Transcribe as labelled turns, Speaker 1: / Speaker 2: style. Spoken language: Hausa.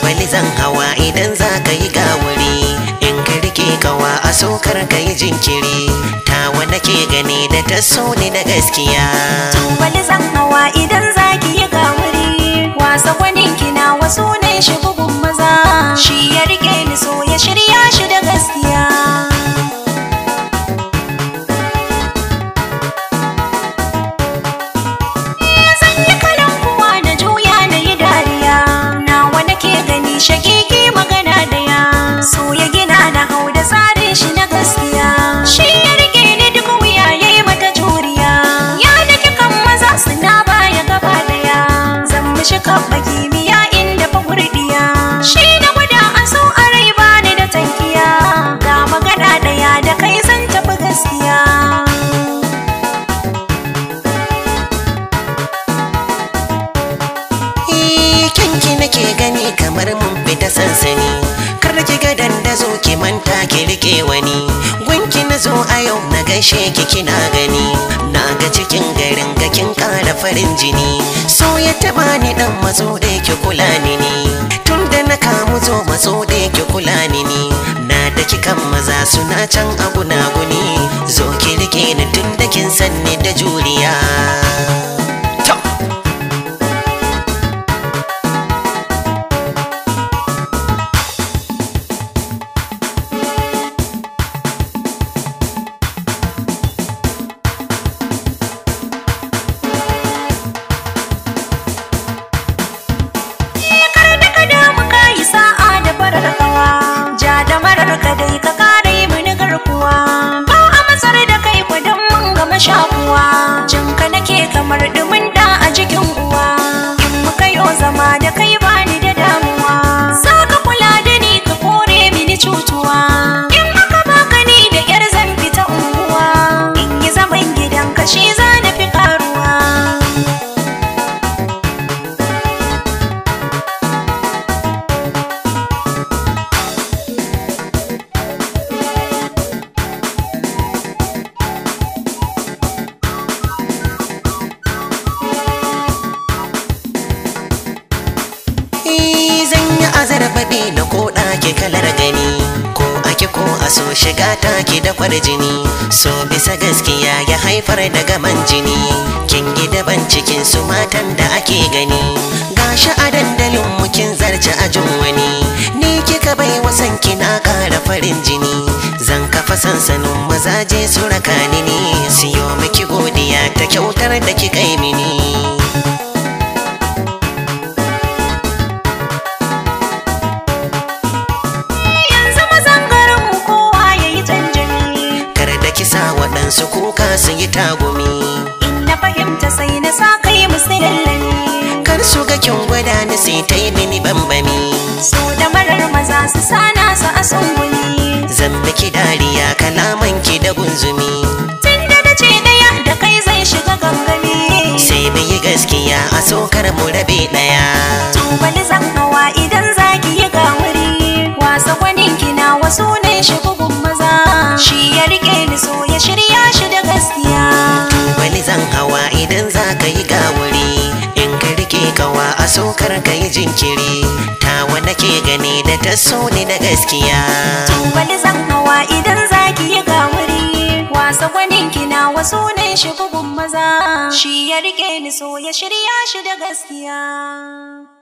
Speaker 1: tambali zan hawa idan za ka yi gawuri in ka rike kawa a sokar ka yi jinkiri ta tawa nake gani da ta so ne na gaskiya tambali zan hawa idan za ki yi
Speaker 2: gawuri wasa kwanin kina wasu ne shi bugun maza shi ya rike ni so ya shirya abba kimiyya inda fa gurdiya shi na gwada a so rai bani da tankiya ga magana ɗaya da kai zan tafi gaskiya
Speaker 1: E, kyanki nake gani kamar mun fita sansani kar ki gadan da ki manta ki rike wani na zo a yau na gaishe ki kina gani na ga cikin garin ga kin kara farin jini so ya taba ni dan mazo da ki kula ni ni tun da na kamu zo mazo da ki kula ni ni na da kan maza suna can a na guni zo ki rike ni tun da kin sanni da juriya zafi na koɗa ke kalar gani ko ake ko a so shiga take da kwar jini so bisa gaskiya ya haifar da gaman jini kin daban cikin su matan da ake gani gashi a dandalin mukin zarce a jin wani ni kika bai wasan kina ƙara farin jini zan kafa sansanin mazaje su raka ni ne siyo tagumi in
Speaker 2: na fahimta sai na sa kai musu
Speaker 1: kar su ga kin gwada ni sai ta yi mini bambami so da marar maza su sana
Speaker 2: su a sungumi
Speaker 1: zan ki dariya kalaman ki da gunzumi
Speaker 2: tun da na ce daya da kai zai shiga gangami
Speaker 1: sai mu gaskiya a sokar mu rabe idan za ka yi gawuri in ka rike kawa a sokar ka yi jinkiri tawa nake gani da ta so ne na
Speaker 2: gaskiya tumbali zan hawa idan za ki yi gawuri wasa gwanin kina wasu ne shi bugun maza shi ya rike ni so ya shirya shi da gaskiya